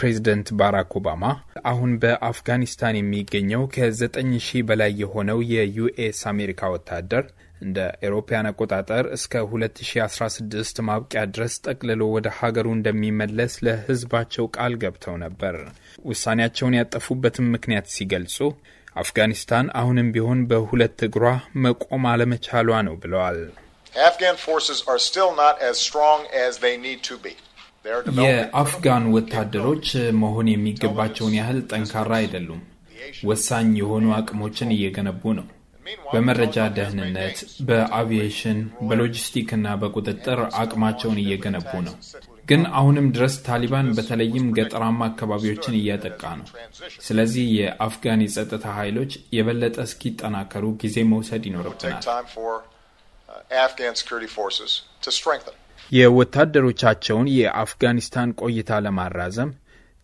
ፕሬዚደንት ባራክ ኦባማ አሁን በአፍጋኒስታን የሚገኘው ከዘጠኝ ሺህ በላይ የሆነው የዩኤስ አሜሪካ ወታደር እንደ ኤሮፓያን አቆጣጠር እስከ 2016 ማብቂያ ድረስ ጠቅልሎ ወደ ሀገሩ እንደሚመለስ ለሕዝባቸው ቃል ገብተው ነበር። ውሳኔያቸውን ያጠፉበትም ምክንያት ሲገልጹ አፍጋኒስታን አሁንም ቢሆን በሁለት እግሯ መቆም አለመቻሏ ነው ብለዋል። Afghan forces are still not as strong የአፍጋን ወታደሮች መሆን የሚገባቸውን ያህል ጠንካራ አይደሉም። ወሳኝ የሆኑ አቅሞችን እየገነቡ ነው። በመረጃ ደህንነት፣ በአቪዬሽን፣ በሎጂስቲክ እና በቁጥጥር አቅማቸውን እየገነቡ ነው። ግን አሁንም ድረስ ታሊባን በተለይም ገጠራማ አካባቢዎችን እያጠቃ ነው። ስለዚህ የአፍጋን የጸጥታ ኃይሎች የበለጠ እስኪጠናከሩ ጊዜ መውሰድ ይኖርብናል። የወታደሮቻቸውን የአፍጋኒስታን ቆይታ ለማራዘም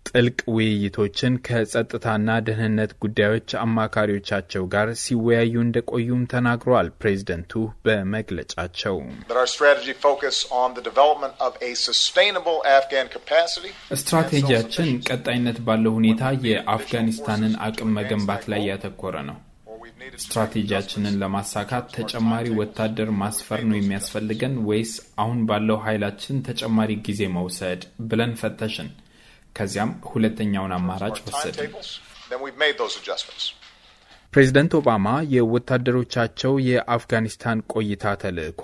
ጥልቅ ውይይቶችን ከጸጥታና ደህንነት ጉዳዮች አማካሪዎቻቸው ጋር ሲወያዩ እንደቆዩም ተናግረዋል። ፕሬዝደንቱ በመግለጫቸው ስትራቴጂያችን ቀጣይነት ባለው ሁኔታ የአፍጋኒስታንን አቅም መገንባት ላይ ያተኮረ ነው። ስትራቴጂያችንን ለማሳካት ተጨማሪ ወታደር ማስፈር ነው የሚያስፈልገን ወይስ አሁን ባለው ኃይላችን ተጨማሪ ጊዜ መውሰድ ብለን ፈተሽን። ከዚያም ሁለተኛውን አማራጭ ወሰድን። ፕሬዚደንት ኦባማ የወታደሮቻቸው የአፍጋኒስታን ቆይታ ተልዕኮ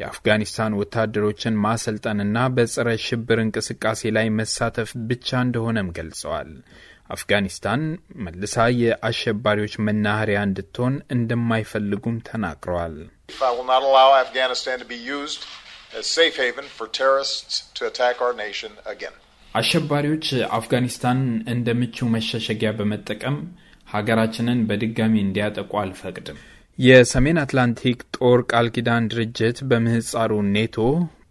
የአፍጋኒስታን ወታደሮችን ማሰልጠንና በጸረ ሽብር እንቅስቃሴ ላይ መሳተፍ ብቻ እንደሆነም ገልጸዋል። አፍጋኒስታን መልሳ የአሸባሪዎች መናኸሪያ እንድትሆን እንደማይፈልጉም ተናግረዋል። አሸባሪዎች አፍጋኒስታን እንደ ምቹ መሸሸጊያ በመጠቀም ሀገራችንን በድጋሚ እንዲያጠቁ አልፈቅድም። የሰሜን አትላንቲክ ጦር ቃል ኪዳን ድርጅት በምህፃሩ ኔቶ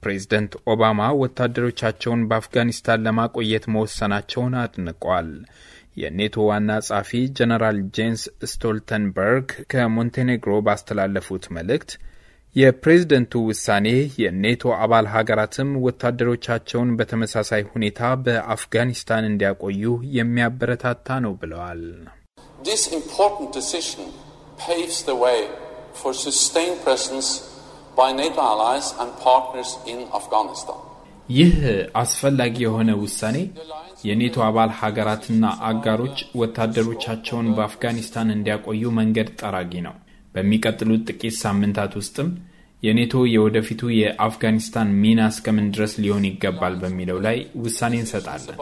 ፕሬዝደንት ኦባማ ወታደሮቻቸውን በአፍጋኒስታን ለማቆየት መወሰናቸውን አድንቋል። የኔቶ ዋና ጸሐፊ ጀነራል ጄንስ ስቶልተንበርግ ከሞንቴኔግሮ ባስተላለፉት መልእክት የፕሬዝደንቱ ውሳኔ የኔቶ አባል ሀገራትም ወታደሮቻቸውን በተመሳሳይ ሁኔታ በአፍጋኒስታን እንዲያቆዩ የሚያበረታታ ነው ብለዋል። This important decision paves the way for sustained presence ይህ አስፈላጊ የሆነ ውሳኔ የኔቶ አባል ሀገራትና አጋሮች ወታደሮቻቸውን በአፍጋኒስታን እንዲያቆዩ መንገድ ጠራጊ ነው። በሚቀጥሉት ጥቂት ሳምንታት ውስጥም የኔቶ የወደፊቱ የአፍጋኒስታን ሚና እስከምን ድረስ ሊሆን ይገባል በሚለው ላይ ውሳኔ እንሰጣለን።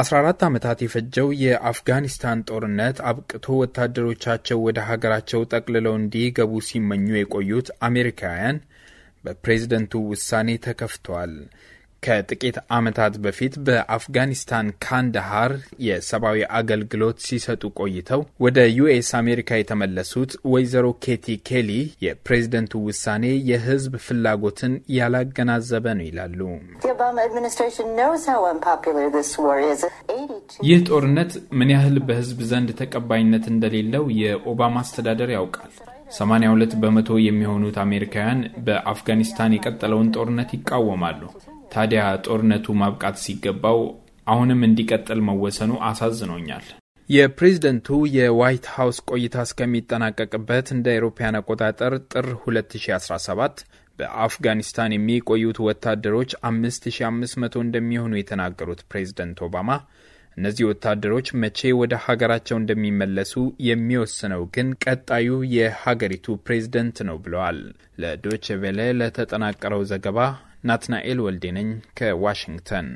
14 ዓመታት የፈጀው የአፍጋኒስታን ጦርነት አብቅቶ ወታደሮቻቸው ወደ ሀገራቸው ጠቅልለው እንዲገቡ ሲመኙ የቆዩት አሜሪካውያን በፕሬዝደንቱ ውሳኔ ተከፍተዋል። ከጥቂት ዓመታት በፊት በአፍጋኒስታን ካንዳሃር የሰብአዊ አገልግሎት ሲሰጡ ቆይተው ወደ ዩኤስ አሜሪካ የተመለሱት ወይዘሮ ኬቲ ኬሊ የፕሬዝደንቱ ውሳኔ የሕዝብ ፍላጎትን ያላገናዘበ ነው ይላሉ። ይህ ጦርነት ምን ያህል በሕዝብ ዘንድ ተቀባይነት እንደሌለው የኦባማ አስተዳደር ያውቃል። 82 በመቶ የሚሆኑት አሜሪካውያን በአፍጋኒስታን የቀጠለውን ጦርነት ይቃወማሉ። ታዲያ ጦርነቱ ማብቃት ሲገባው አሁንም እንዲቀጥል መወሰኑ አሳዝኖኛል። የፕሬዝደንቱ የዋይት ሀውስ ቆይታ እስከሚጠናቀቅበት እንደ አውሮፓውያን አቆጣጠር ጥር 2017 በአፍጋኒስታን የሚቆዩት ወታደሮች 5500 እንደሚሆኑ የተናገሩት ፕሬዝደንት ኦባማ እነዚህ ወታደሮች መቼ ወደ ሀገራቸው እንደሚመለሱ የሚወስነው ግን ቀጣዩ የሀገሪቱ ፕሬዝደንት ነው ብለዋል። ለዶቼ ቬለ ለተጠናቀረው ዘገባ ናትናኤል ወልዴ ነኝ ከዋሽንግተን